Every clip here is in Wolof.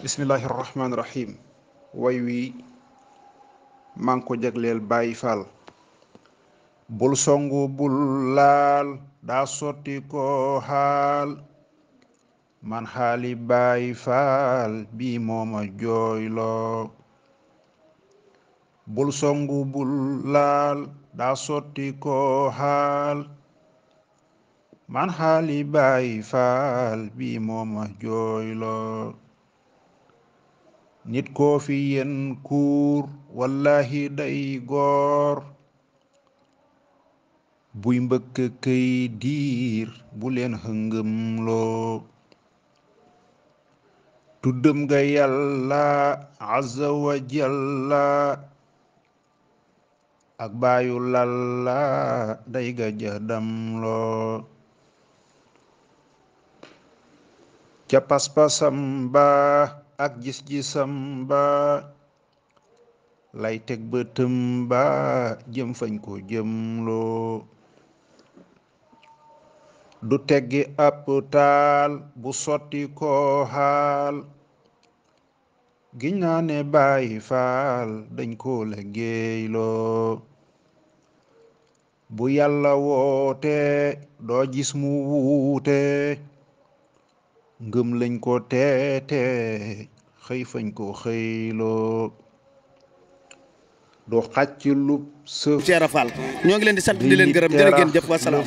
bismillahi rahmaani rahim wi maa ko jagleel Baay Faal bul songu bul laal daa sotti ko xaal man xaali Baay Faal bi mooma jooyloo songu bul laal daa sotti ko nit koo fi yen kuur wallahi day gor buy mbëkk këy diir bu leen xëngëm loo tuddëm nga yàlla azza wa jalla ak baayu lalla day ga jëdam loo ca paspasam ba ak gis-gisam ba lay teg bëtëm ba jëm fañ ko jëmloo du teggi ab taal bu sotti ko xaal giñ naa ne bàyyi faal dañ ko liggéeyloo bu yàlla woote doo gis mu wuute ngëm lañ ko teete xëy fañ ko xëy xëyloo du xàcc lu së Cheikh Rafal ñoo ngi leen di sant di leen gërëm jërë jëf wasalaam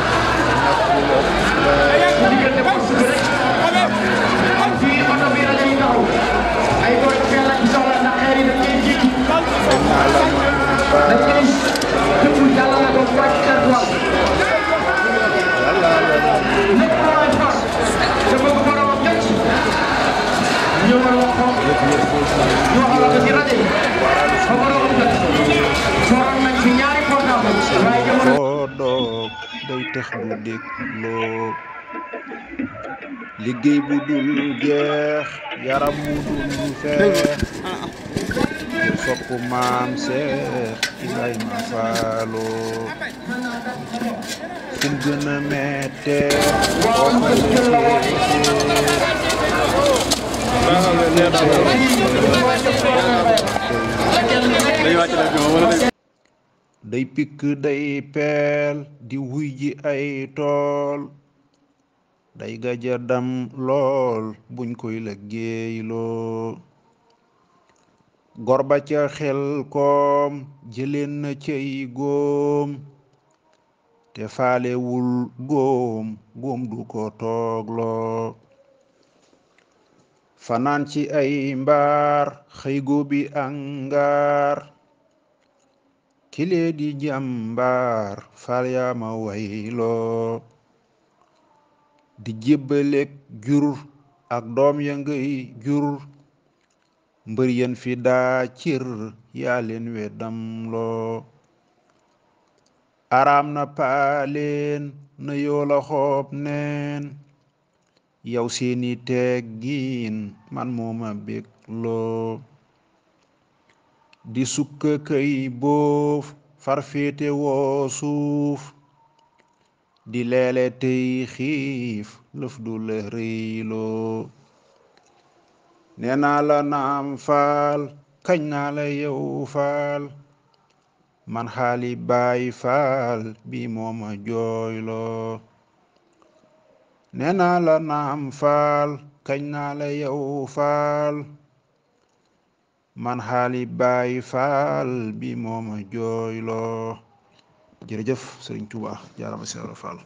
ñoo xamante ni rajo yi ba borom liggéey bu dul jeex yaram bu dul feex sopp maam Seex Ibrahima Faalo fu mu gën a mettee day pikk day peel di wuy ji ay tool day gaja dam lool buñ koy liggéeyloo gor ba ca xel koom jëleen na cay góom te faalewul góom goom du ko toogloo fanaan ci ay mbaar xëy góobi angaar kile di jàmbaar fal yaa ma wayloo di jébbaleeg jur ak doom ya ngay jur mbër yen fi daa cir yaa leen weddam loo araam na paaleen na yoo la neen yow seeni teggiin man mooma bég loo di sukka kay boof farfeete woo suuf di leele tey xiif lëf du la rëyloo nee la naam faal kañ naa la yow faal man xaali baay faal bi mooma jooyloo nee naa la naam faal kañ naa la yow faal man xaali baay faal bi mooma jooyloo jërëjëf sëriñ Tuubaa jaarama seero faal